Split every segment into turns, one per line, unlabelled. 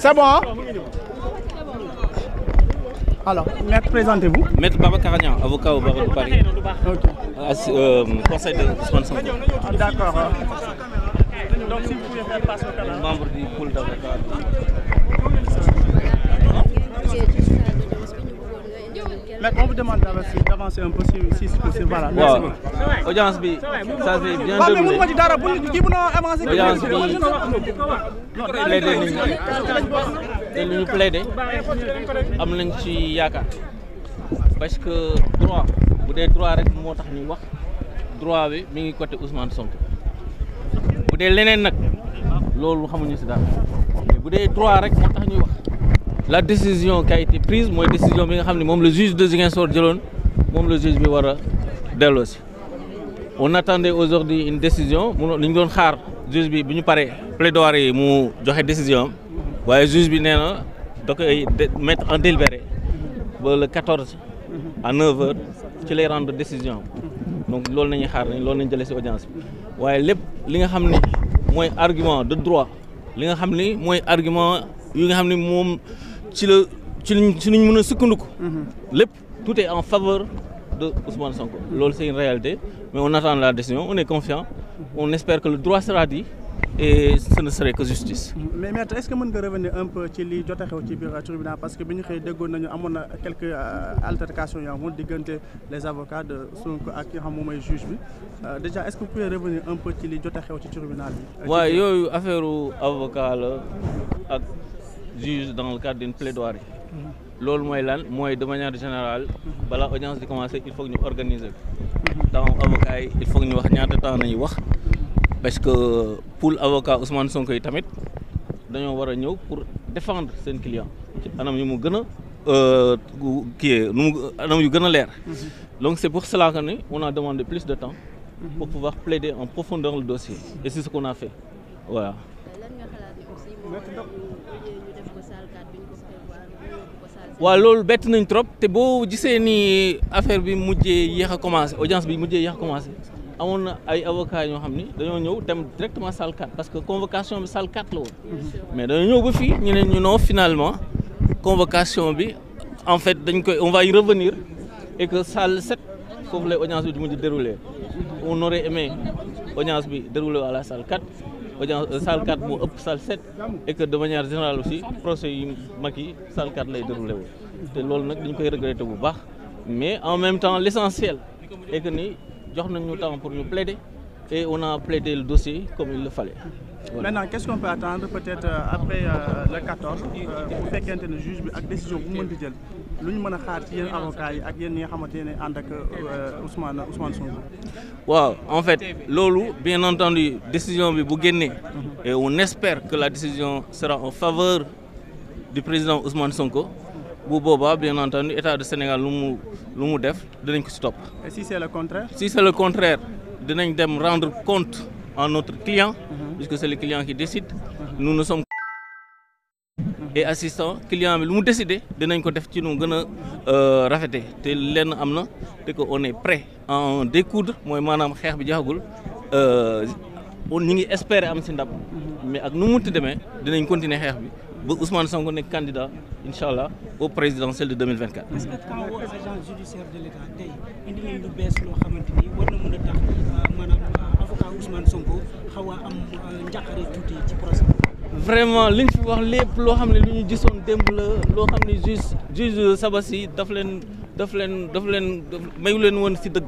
c'est bon
alors maître présentez-vous. maître Babacar Niang avocat au barreau de Paris. ok ah, euh, conseil de Ousmane Sonko. Ah, d'accord. donc si vous pouvez faire passe au
Mec, on vous demande d'avancer un peu si si bi ça c'est ci dara bu ñu ci
bi plaidé de am nañ ci yaakaar parce que droit bu dee droit rek moo tax ñu wax droit bi mi ngi côté Ousmane Sonko bu dee leneen nag loolu xamuñu si dara bu dee droit rek moo tax ñuy wax. la décision qui a été prise mooy décision bi nga xam ne moom le juge de Ziguinchor jëloon moom le juge bi war a on attendait aujourd'hui une décision mu li ñu doon xaar juge bi bu ñu paree plaidoirie yi mu joxe décision waaye juge bi nee na da koy mettre en délibéré ba le 14 à 9 heures ci lay rendre décision donc loolu nañuy xaar ni loolu nañ jëlee si audience bi waaye lépp li nga xam ne mooy argument de droit li nga xam ci la ci luñ ci luñ mën a sukkandiku. Mhm. lépp tout est en faveur de Ousmane Sonko. loolu c'est une réalité mais on attend la décision on est confiant on espère que le droit sera dit et ce ne serait que justice. Mhm. mais maître
est-ce que mën nga revenir un peu ci li jot xew ci biir tribunal parce que bi ñu xëy déggoon nañu amoon na quelques euh, altercations yoo amoon diggante les avocats de Sonko ak ki xam moom mooy juge bi euh, déjà est-ce que vous pouvez revenir un peu ci li jot a xew ci tribunal bi. waaw
euh, juge dans le cadre d'une plaidoirie loolu mooy lan mooy de manière générale balaa audience di commencer il faut ñu organiser temps avocat yi il faut que ñu wax ñaata temps nañu wax parce que pour avocat Ousmane Sonko yi tamit dañoo war a ñëw pour défendre seen client ci anam yu mu gën a euh, kii nu mu anam yu gën a leer donc c'est pour cela que ni on a plus de temps pour pouvoir plaider en profondeur le dossier et c'est ce qu'on a fait voilà waaw loolu bett nañ trop te boo gisee ni affaire bi mujjee yéex a commencé audience bi mujjee yéex a amoon na ay avocats ñoo xam ni dañoo ñëw dem directement salle parce que convocation bi salle la woon. mais dañoo ñëw ba fii ñu ne ñu non finalement convocation bi en fait dañ koy on va y revenir et que salle 7 foofu lay bi mujj déroulé on aurait aimé bi déroulé à audience euh, salle 4 moo ëpp salle 7 et que de manière générale aussi procès yu mag yi salle 4 lay déroulé wu te loolu nag dañ koy regretté bu baax mais en même temps l' essentiel est que ni jox nañu temps pour ñu plaider et on a plaidé le dossier comme il le fallait.
Voilà. Maintenant, qu'est-ce qu'on peut attendre peut-être euh, euh, euh ne juge bi ak lu ñu mën a xaar ci yéen avocats ak yéen ñi nga xamante ne ànd ak euh, Ousmane Ousmane Sonko.
waaw en fait loolu bien entendu décision bi bu génnee. et on espère que la décision sera en faveur du président Ousmane Sonko. bu boobaa bien entendu état de Sénégal lu mu lu mu def dinañ ko si topp. et si c'est le contraire. si c'est le contraire dinañ dem rendre compte à notre client. Mhm. puisque c'est le client qui décide. Mhm. nous ne sommes et assistant client bi lu mu décidé dinañ ko def ci nu gën a euh, rafete te lenn am na te ko on est prêt à en découdre mooy maanaam xeex bi jaxagul euh, ñu ngi espérer am si ndab mais ak nu mu demee dinañ continuer xeex bi ba Ousmane Sonko nekk candidat incha allah au présidentiel de 2024. est-ce que loo
xamante ni euh, xaw a am
vraiment liñ fi wax lépp loo xam ne lu ñu gisoon démb la loo xam ne juge juge Sabassi daf leen daf leen daf leen mayu leen woon si dëgg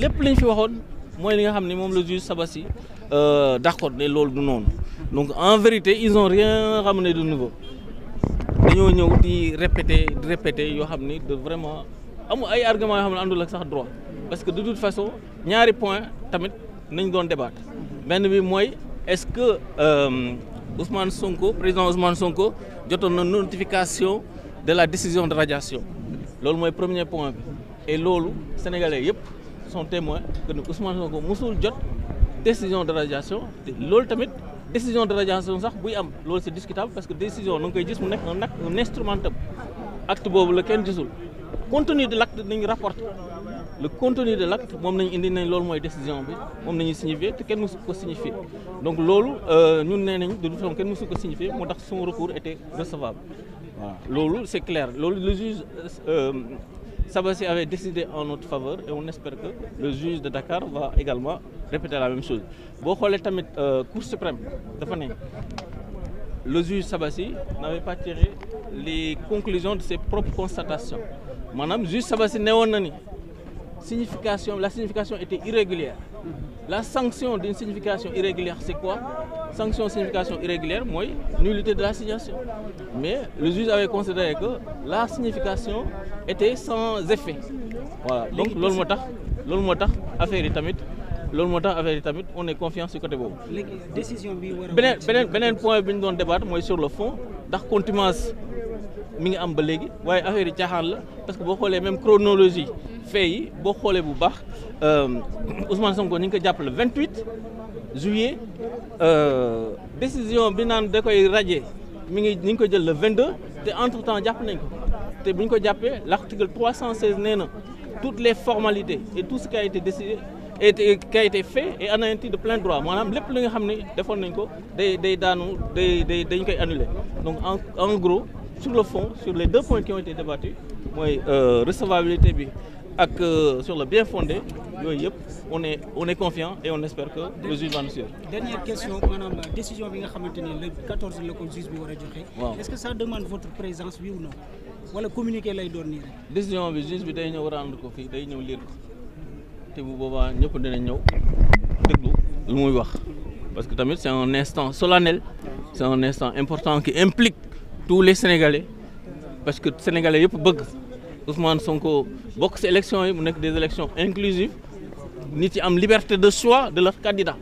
lépp liñ fi waxoon mooy li nga xam ne moom la juge Sabassi euh, d'accord ne loolu du noonu donc en vérité ils ont rien ramené de nouveau dañoo ñëw di répéter di répéter yoo xam ne de vraiment amul ay arguments yoo xam ne àndul ak sax droit parce que de toute façon ñaari point tamit nañ doon débattre benn bi mooy est-ce que euh, Ousmane Sonko président Ousmane Sonko jotoon na notification de la décision de radiation loolu mooy premier point bi et loolu sénégalais yëpp sont témoins que ne Ousmane Sonko musul jot décision de radiation loolu tamit décision de radiation sax buy am loolu c'est discutable parce que décision na nga koy gis mu nekk un acte un instrumentum acte boobu la kenn gisul compte tenu de l'acte nañ rapporté le contenu de l'acte moom nañu indi nañ loolu mooy décision bi moom nañu signifié te kenn mësu ko signifié donc loolu euh, ñun nee nañ de toute façon kenn mësu ko signifié moo tax son recours était recevable voilà loolu c'est clair loolu le juge euh, Sabassi avait décidé en notre faveur et on espère que le juge de Dakar va également répéter la même chose boo xoolee tamit euh, Cour suprême dafa ne le juge Sabassi n'avait pas tiré les conclusions de ses propres constatations maanaam juge Sabassi na signification, la signification était irrégulière. La sanction d'une signification irrégulière, c'est quoi Sanction signification irrégulière, moi, nullité de la signation. Mais le juge avait considéré que la signification était sans effet. waa Donc, l'autre affaire est loolu moo tax affaire yi tamit on est confiant ci côté boobu. léegi
décision bi war a. beneen
beneen beneen point bi ñu doon débattre mooy sur le fond ndax contumace mi ngi am ba léegi waaye affaire yi caaxaan la parce que boo xoolee même chronologie. fee boo xoolee bu baax euh, Ousmane Sonko ni ñu ko jàppale 28 juillet euh, décision bi naan da koy radier mu ngi ni ko jël vingt 22 te entre temps jàpp nañ ko te bu ñu ko jàppee l' article 316 nee na toutes les formalités et tout ce qui a été décidé et qui a été de plein droit maanaam lépp li nga xam ni defoon nañ ko day day daanu day day dañ koy annuler donc en en gros sur le fond sur les deux points qui ont été débattus mooy euh, recevabilité bi. ak euh, sur le bien fondé yooyu yëpp on est confiant et on espère que le juge va nous suivre.
dernière euh, décision bi nga xamante ne le la ko juge
bi war a joxe. waaw est-ce que ça demande votre présence oui ou non wala communiqué lay doon nii rek. décision bi juge bi day ñëw rendre ko fii day ñëw lire ko te bu boobaa ñëpp dinañ ñëw déglu lu muy wax parce que tamit c'est un instant solennel c'est un instant important qui implique tous les Sénégalais parce que Sénégalais Ousmane Sonko bokk ci élection yi mu nekk des élections inclusives nit yi am liberté de choix de leur candidat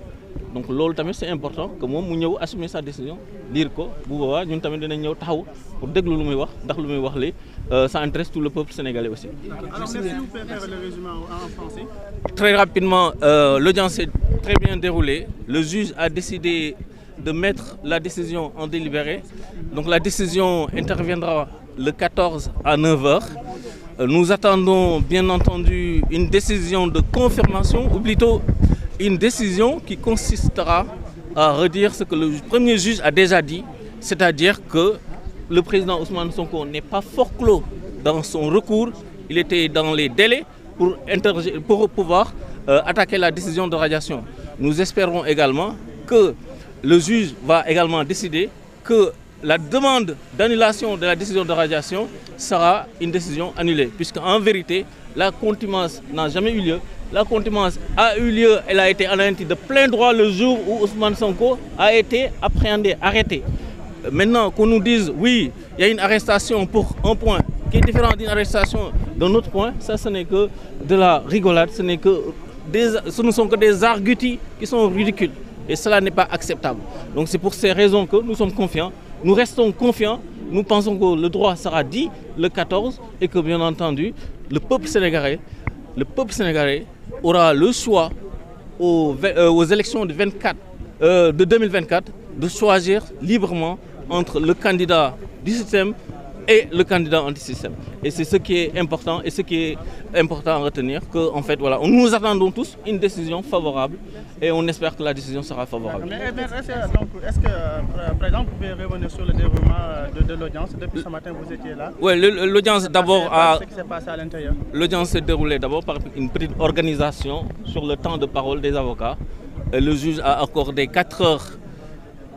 donc loolu tamit c'est important que moom mu ñëw assumer sa décision dire ko bu boobaa ñun tamit dinañ ñëw taxaw pour déglu lu muy wax ndax lu muy wax li euh, ça intéresse tout le peuple sénégalais aussi. Alors, si le
résumé en
Très rapidement euh, s'est très bien déroulée le juge a décidé de mettre la décision en délibéré donc la décision interviendra le 14 à 9 heures. Euh, nous attendons bien entendu une décision de confirmation, ou plutôt une décision qui consistera à redire ce que le premier juge a déjà dit, c'est-à-dire que le président Ousmane Sonko n'est pas forclos dans son recours, il était dans les délais pour, pour pouvoir euh, attaquer la décision de radiation. Nous espérons également que le juge va également décider que la demande d'annulation de la décision de radiation sera une décision annulée, puisque en vérité, la contumace n'a jamais eu lieu. La contumace a eu lieu, elle a été anéantie de plein droit le jour où Ousmane Sonko a été appréhendé, arrêté. Euh, maintenant qu'on nous dise, oui, il y a une arrestation pour un point, qui est différent d'une arrestation d'un autre point, ce que des, ce ne sont que qui sont ridicules. Et cela n'est pas acceptable. Donc c'est pour ces raisons Nous restons confiants, nous pensons que le droit sera dit le 14 et que bien entendu, le peuple sénégalais, le peuple sénégalais aura le choix aux, euh, aux élections de, 24, euh, de 2024 de choisir librement entre le candidat du système et le candidat antisystème. Et c'est ce qui est important et ce qui est important à retenir que en fait voilà, nous attendons tous une décision favorable et on espère que la décision sera favorable. Mais,
mais eh est-ce, donc, est-ce que euh, président vous pouvez revenir sur le déroulement euh, de, de l'audience depuis ce matin vous étiez là? Oui, l'audience d'abord à ce qui s'est passé à l'intérieur.
L'audience s'est déroulée d'abord par une petite organisation sur le temps de parole des avocats. Et le juge a accordé quatre heures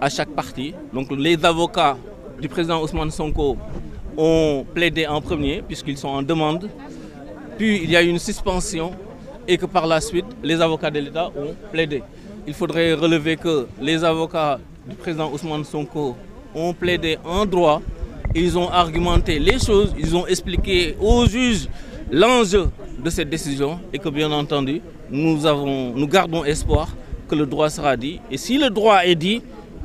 à chaque partie. Donc les avocats du président Ousmane Sonko ont plaidé en premier puisqu'ils sont en demande. Puis il y a une suspension et que par la suite, les avocats de l'État ont plaidé. Il faudrait relever que les avocats du président Ousmane Sonko ont plaidé en droit, ils ont argumenté les choses, ils ont expliqué aux juges l'enjeu de cette décision et que bien entendu, nous, gardons espoir que le droit sera dit. Et si le droit est dit,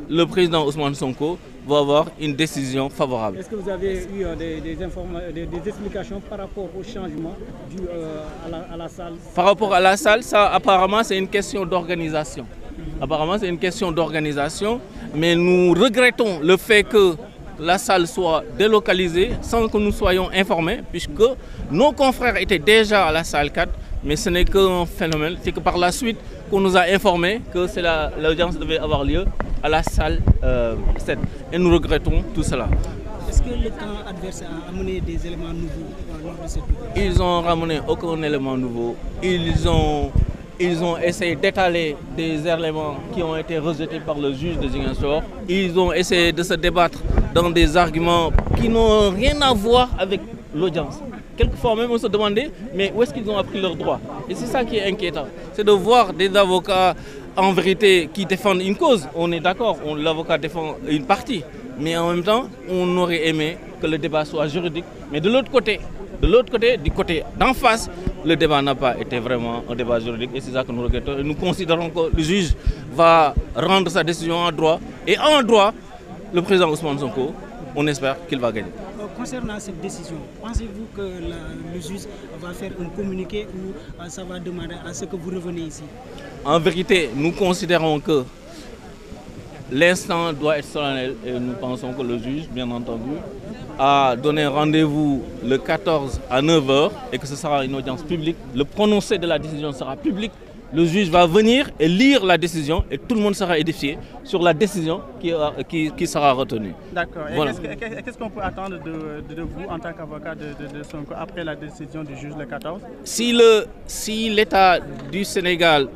le président Ousmane Sonko va avoir une décision favorable.
est euh, des, des, euh, des, des, explications par rapport au changement dû euh, à, la, à, la, salle
Par rapport à la salle, c'est une question d'organisation. Apparemment mais nous regrettons le fait que la salle soit délocalisée sans que nous soyons informés, puisque nos confrères étaient déjà à la salle 4, mais ce n'est qu'un phénomène, par la suite qu'on nous a informé que l'audience la, devait avoir lieu à la salle euh, 7. Et nous regrettons tout cela.
des éléments euh, de cette Ils n'ont
ramené aucun élément nouveau. Ils ont, essayé d'étaler des éléments qui ont été rejetés par le juge de Zingassor. Ils ont essayé de se débattre dans des arguments qui n'ont rien à voir avec l'audience. Quelquefois même on se demandait mais où est-ce qu'ils ont appris leurs droits. Et c'est ça qui est inquiétant, c'est de voir des avocats en vérité qui défendent une cause, on est d'accord, l'avocat défend une partie. Mais en même temps, on aurait aimé que le débat soit juridique. Mais de l'autre côté, de l'autre côté, du côté d'en face, le débat n'a pas été vraiment un débat juridique et c'est ça que nous regrettons. Nous considérons que le juge va rendre sa décision en droit et en droit, le président Ousmane Sonko, on espère qu'il va gagner.
Euh, concernant cette décision, pensez-vous que la, le juge va faire un communiqué ou euh, ça va demander à ce que vous revenez ici
En vérité, nous considérons que l'instant doit être solennel et nous pensons que le juge, bien entendu, a donné rendez-vous le à 9h et que ce sera une audience publique. Le prononcé de la décision sera public le juge va venir et lire la décision et tout le monde sera édifié sur la décision qui, euh, qui, qui sera retenue. D'accord. Voilà.
en tant qu'avocat de, de, de Sonko après la décision du juge le 14
Si si du Sénégal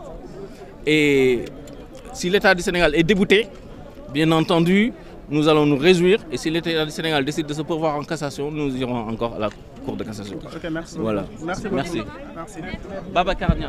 est si l'État du Sénégal est débouté, bien entendu, nous allons nous réjouir. Et si l'État du Sénégal décide de se pourvoir en cassation, nous irons encore à la Cour de cassation. Baba Carnia.